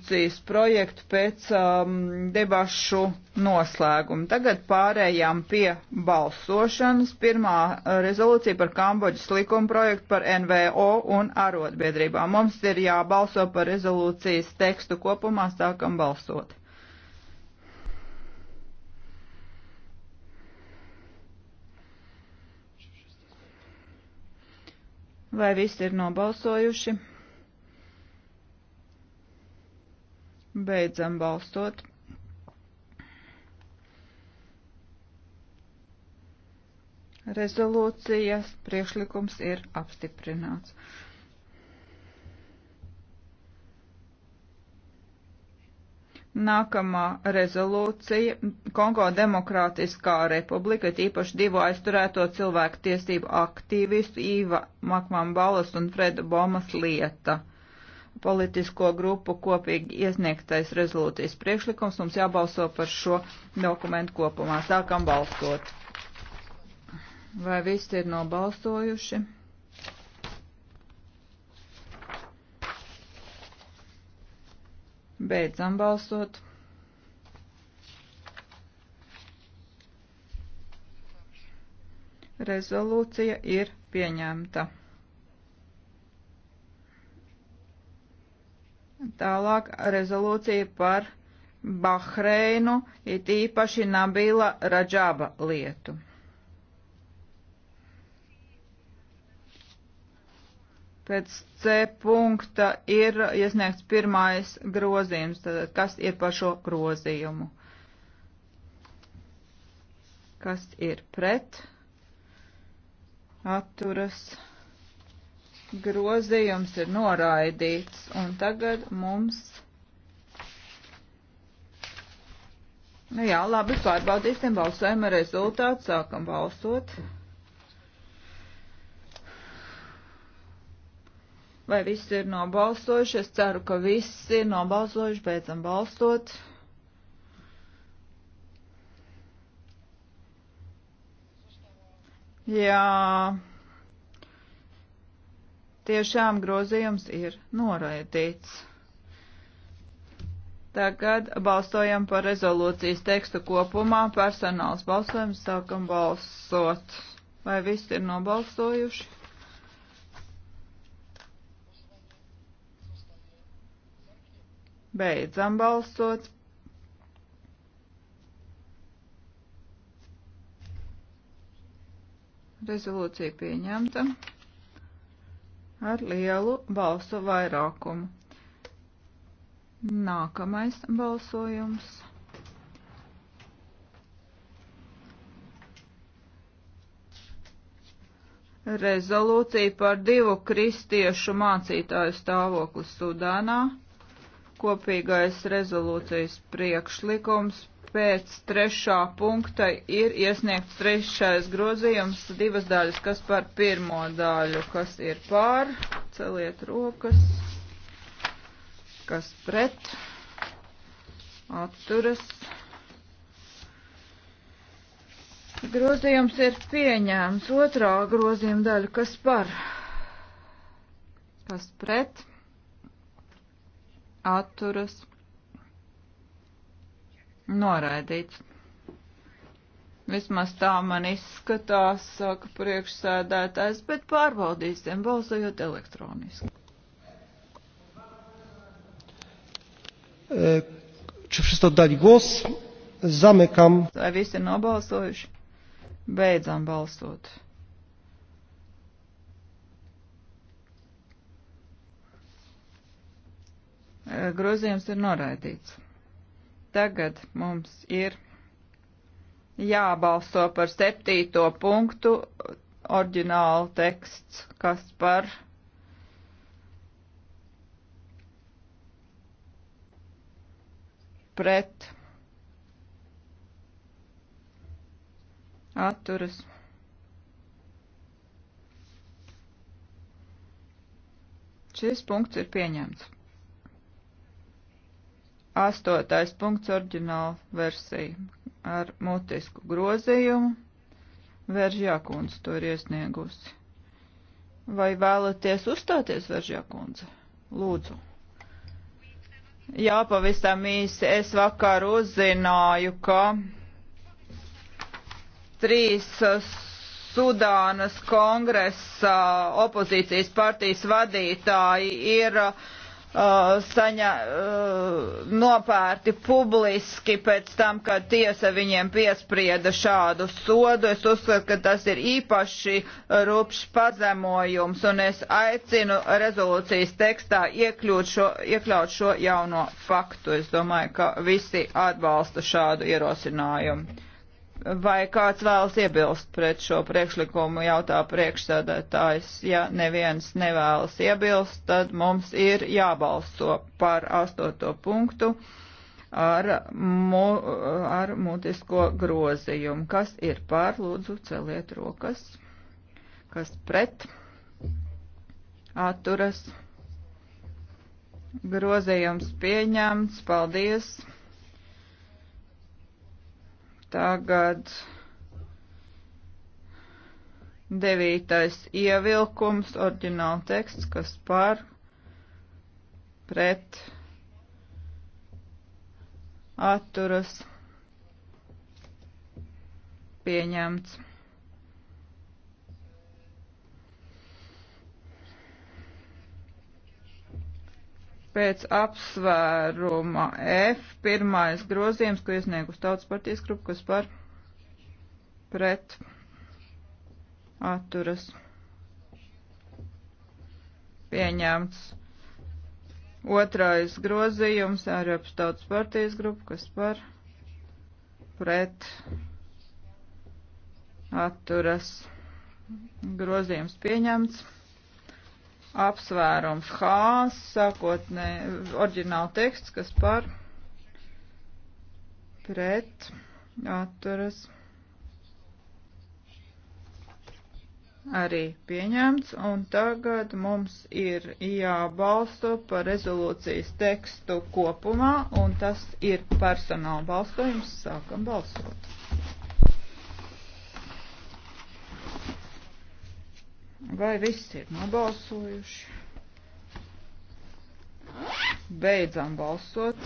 rezolūcijas projektu pēc um, debašu noslēguma. Tagad pārējām pie balsošanas. Pirmā uh, rezolūcija par Kambodžas likuma projektu par NVO un arotbiedrībām. Mums ir jābalso par rezolūcijas tekstu kopumā, sākam balsot. Vai visi ir nobalsojuši? Beidzam balstot. Rezolūcijas priekšlikums ir apstiprināts. Nākamā rezolūcija - Kongo Demokrātiskā republika, tīpaši divu aizturēto cilvēku tiesību aktīvistu Īva Makmambalas un Freda Bomas lieta politisko grupu kopīgi iesniegtais rezolūcijas priekšlikums. Mums jābalso par šo dokumentu kopumā. Sākam balsot. Vai visi ir nobalsojuši? Beidzam balsot. Rezolūcija ir pieņemta. Tālāk rezolūcija par Bahreinu, it īpaši Nabila Radžaba lietu. Pēc C punkta ir iesniegts pirmais grozījums, tad kas ir par šo grozījumu? Kas ir pret? Atturas grozījums ir noraidīts, un tagad mums. Nu jā, labi, pārbaudīsim balsojuma rezultātu, sākam balsot. Vai visi ir nobalsojuši? Es ceru, ka visi ir nobalsojuši, beidzam balsot. Jā tiešām grozījums ir noraidīts. Tagad balsojam par rezolūcijas tekstu kopumā. Personāls balsojums sākam balsot. Vai visi ir nobalsojuši? Beidzam balsot. Rezolūcija pieņemta ar lielu balsu vairākumu. Nākamais balsojums. Rezolūcija par divu kristiešu mācītāju stāvokli Sudānā. Kopīgais rezolūcijas priekšlikums pēc trešā punkta ir iesniegts trešais grozījums, divas daļas, kas par pirmo daļu, kas ir pār, celiet rokas, kas pret, atturas. Grozījums ir pieņēmts, otrā grozījuma daļa, kas par, kas pret, atturas Noraidīts. Vismaz tā man izskatās, saka priekšsēdētājs, bet pārbaudīsim, balsojot elektroniski. E, Czy wszyscy oddali głos? Zamykam. Vai visi ir nobalsojuši? Beidzam balsot. E, grozījums ir noraidīts. Tagad mums ir jābalso par septīto punktu oriģinālu teksts, kas par pret atturas. Šis punkts ir pieņemts. Astotais punkts oriģināla versija ar mutisku grozījumu. Veržjākundze to ir iesniegusi. Vai vēlaties uzstāties, Veržjākundze? Lūdzu. Jā, pavisam īsi. Es vakar uzzināju, ka trīs Sudānas kongresa opozīcijas partijas vadītāji ir uh, Uh, saņa, uh, nopērti publiski pēc tam, kad tiesa viņiem piesprieda šādu sodu. Es uzskatu, ka tas ir īpaši rupšs pazemojums, un es aicinu rezolūcijas tekstā iekļūt šo, iekļaut šo jauno faktu. Es domāju, ka visi atbalsta šādu ierosinājumu. Vai kāds vēlas iebilst pret šo priekšlikumu, jautā priekšsēdētājs. Ja neviens nevēlas iebilst, tad mums ir jābalso par astoto punktu ar, mu, ar mutisko grozījumu. Kas ir pār, lūdzu, celiet rokas. Kas pret? Atturas. Grozījums pieņemts. Paldies. Tagad devītais ievilkums, oriģināla teksts, kas par pret atturas pieņemts. Pēc apsvēruma F pirmais grozījums, ko iesniegus tautas partijas grupa, kas par pret atturas pieņemts. Otrais grozījums Eiropas tautas partijas grupa, kas par pret atturas grozījums pieņemts apsvērums H, sākotnē, oriģināla teksts, kas par pret atturas arī pieņemts, un tagad mums ir jābalso par rezolūcijas tekstu kopumā, un tas ir personāla balsojums, sākam balsot. Vai viss ir nobalsojuši? Beidzam balsot.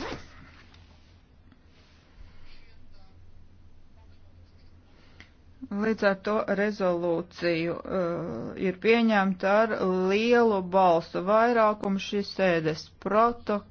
Līdz ar to rezolūciju uh, ir pieņemta ar lielu balsu vairākumu šīs sēdes protokols.